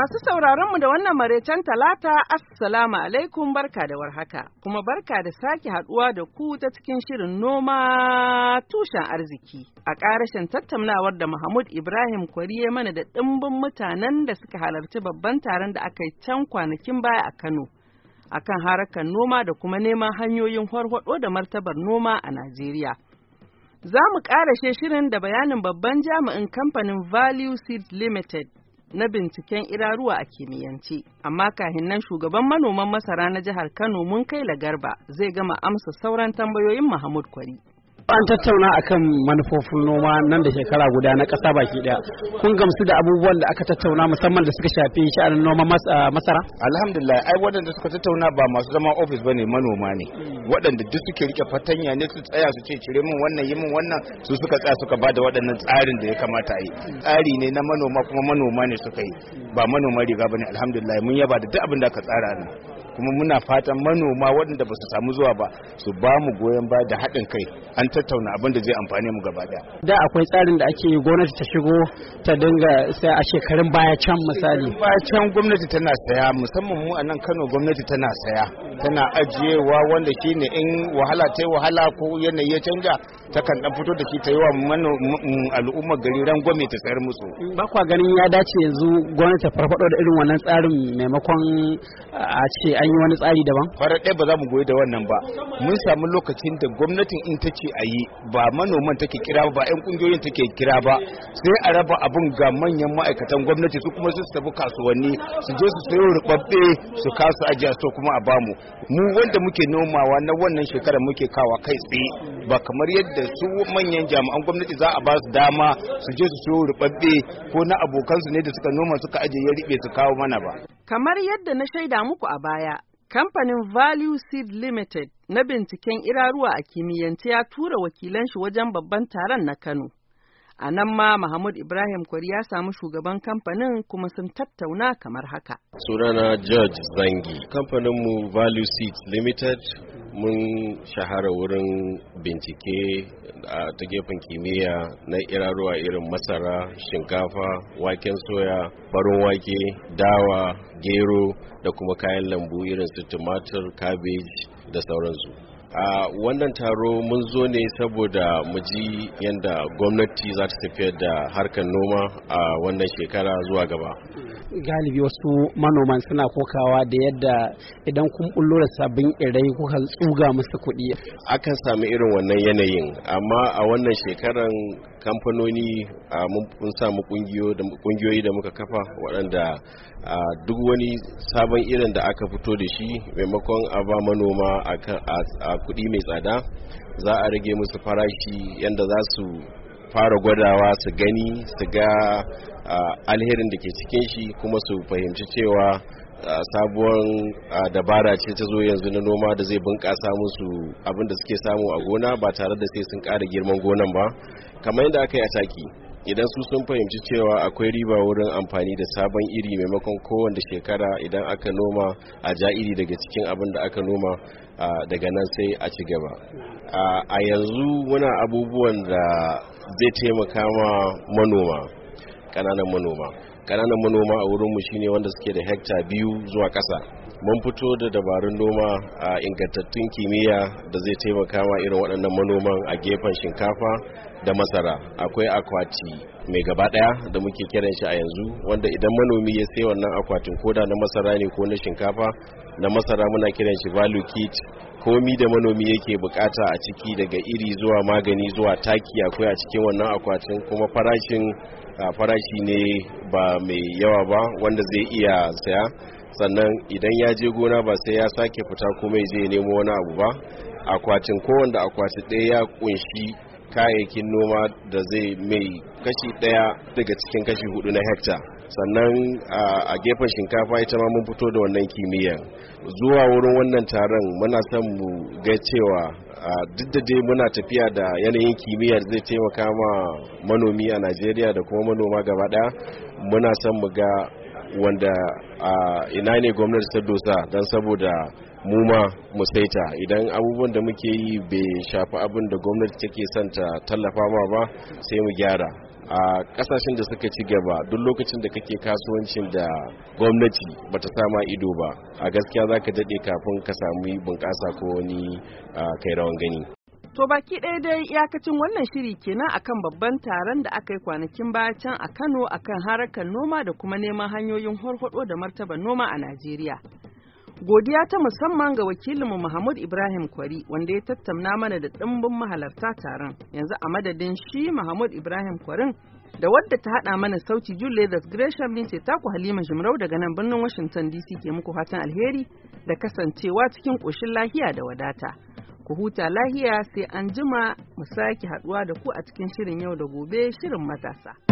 Masu sauraronmu da wannan maraicen talata, Assalamu alaikum barka da warhaka, kuma barka da sake haduwa da ku ta cikin shirin noma tushen arziki. A ƙarashin tattaunawar da Mahmud Ibrahim Kwariye mana da ɗimbin mutanen da suka halarci babban taron da aka yi can kwanakin baya a Kano. akan harakan noma da kuma neman hanyoyin harhaɗo da martabar noma a Najeriya. Za mu ƙarashe shirin da bayanin babban jami'in kamfanin Value Seeds Limited na binciken ruwa a kimiyyance amma kahin nan shugaban manoman masara na jihar kano mun kai la garba zai gama amsa sauran tambayoyin mahmud kwari an tattauna akan manufofin noma nan da shekara guda na ƙasa baki daya kun gamsu da abubuwan da aka tattauna musamman da suka shafi sha'anin noma ah, masara alhamdulillah ai waɗanda suka tattauna ba masu zama ofis ba ne manoma ne waɗanda duk suke rike fatanya ne su tsaya su ce cire min wannan yi min wannan su suka tsaya suka ba da waɗannan tsarin da ya kamata a yi tsari ne na manoma kuma manoma ne suka yi ba manoma riga ne alhamdulillah mun yaba da duk abin da aka tsara nan kuma muna fatan manoma waɗanda ba su samu zuwa ba su ba mu goyon ba da haɗin kai an tattauna abin da zai amfani mu gaba ɗaya da akwai tsarin da ake gwamnati ta shigo ta dinga sai a shekarun baya can misali baya can gwamnati tana saya musamman mu a nan Kano gwamnati tana saya tana ajiyewa wanda shine in wahala ta wahala ko yanayi ya canja ta kan dan fito da shi ta yi wa al'ummar gari gwamnati ta sayar musu ba kwa ganin ya dace yanzu gwamnati ta farfado da irin wannan tsarin maimakon a ce an yi wani tsari daban farar ɗaya ba za mu goyi da wannan ba mun samu lokacin da gwamnatin in ta ce a yi ba manoman take kira ba yan kungiyoyin take kira ba sai a raba abun ga manyan ma'aikatan gwamnati su kuma su tafi kasuwanni su je su sayo rubabbe su kasu ajiya so kuma a bamu mu wanda muke nomawa na wannan shekarar muke kawa kai tsaye ba kamar yadda su manyan jami'an gwamnati za a ba su dama su je su sayo rubabbe ko na abokansu ne da suka noma suka ajiye ya riɓe su kawo mana ba kamar yadda na shaida muku a baya Kamfanin Value Seed Limited na binciken iraruwa a kimiyyance ya tura wakilan shi wajen babban taron na Kano. A nan ma Mahmud Ibrahim Kwari ya samu shugaban kamfanin kuma sun tattauna kamar haka. Sunana George Zangi, kamfaninmu Value Seeds Limited mun shahara wurin bincike ta gefen kimiyya na iraruwa irin masara shinkafa waken soya farin wake dawa gero da kuma kayan lambu irin su tumatir cabbage da sauransu a wannan taro mun zo ne saboda mu ji yadda gwamnati za ta tafiyar da harkar noma a wannan shekara zuwa gaba galibi wasu manoman suna kokawa da yadda idan kun bullo da sabbin irai kuka tsuga musu kuɗi akan sami irin wannan yanayin amma a wannan shekaran kamfanoni mun samu kungiyoyi da muka kafa waɗanda duk wani sabon irin da aka fito da shi maimakon a ba manoma a kuɗi mai tsada za a rage musu farashi yadda za su fara gwadawa su gani su ga alherin da ke cikin shi kuma su fahimci cewa sabuwar dabara ce ta zo yanzu na noma da zai bunƙasa musu abin da suke samu a gona ba tare da sai sun ƙara girman gonan ba kamar yadda aka yi a taki idan su sun fahimci cewa akwai riba wurin amfani da sabon iri maimakon kowanne shekara idan aka noma a ja iri daga cikin abin da aka noma daga nan sai a ci gaba a yanzu muna abubuwan da zai taimaka ma manoma ƙananan manoma ƙananan manoma a wurinmu shine wanda suke da hekta biyu zuwa ƙasa mun fito da dabarun noma a ingantattun kimiyya da zai taimaka ma irin waɗannan manoman a gefen shinkafa da masara akwai akwati mai gaba ɗaya da muke kiran shi a yanzu wanda idan manomi ya sai wannan akwatin koda na masara ne ko na shinkafa na masara muna kiran shi value kit komi da manomi yake bukata a ciki daga iri zuwa magani zuwa taki akwai a cikin wannan akwatin kuma farashin farashi ne ba mai yawa ba wanda zai iya saya sannan idan ya je gona ba sai ya sake fita kuma ya je nemo wani abu ba akwatin kowanda akwati ɗaya ya kunshi kayayyakin noma da zai mai kashi ɗaya daga cikin kashi hudu na hekta sannan a gefen shinkafa ita ma mun fito da wannan kimiyyar zuwa wurin wannan taron muna son mu ga cewa duk da dai muna tafiya da yanayin kimiyyar zai taimaka ma manomi a najeriya da kuma manoma gaba ɗaya muna son mu ga wanda a ina ne gwamnati ta dosa don saboda muma ma mu saita idan abubuwan da muke yi bai shafi abin da gwamnati take son ta tallafa ma ba sai mu gyara a kasashen da suka ci gaba duk lokacin da kake kasuwancin da gwamnati bata sama ido ba a gaskiya zaka daɗe kafin ka sami bunƙasa ko wani kai rawan gani To baki ɗaya dai iyakacin wannan shiri kenan akan babban taron da aka yi kwanakin baya can a Kano akan harakar noma da kuma neman hanyoyin horhoɗo da martaba noma a Najeriya. Godiya ta musamman ga wakilinmu Mahmud Ibrahim Kwari wanda ya tattauna mana da ɗimbin mahalarta taron. Yanzu a madadin shi Mahmud Ibrahim Kwarin da wadda ta haɗa mana sauti Julius Gresham ne ce ku Halima Jimrau daga nan birnin Washington DC ke muku fatan alheri da kasancewa cikin koshin lahiya da wadata. ku huta lahiya sai an jima mu sake haduwa da ku a cikin shirin yau da gobe shirin matasa.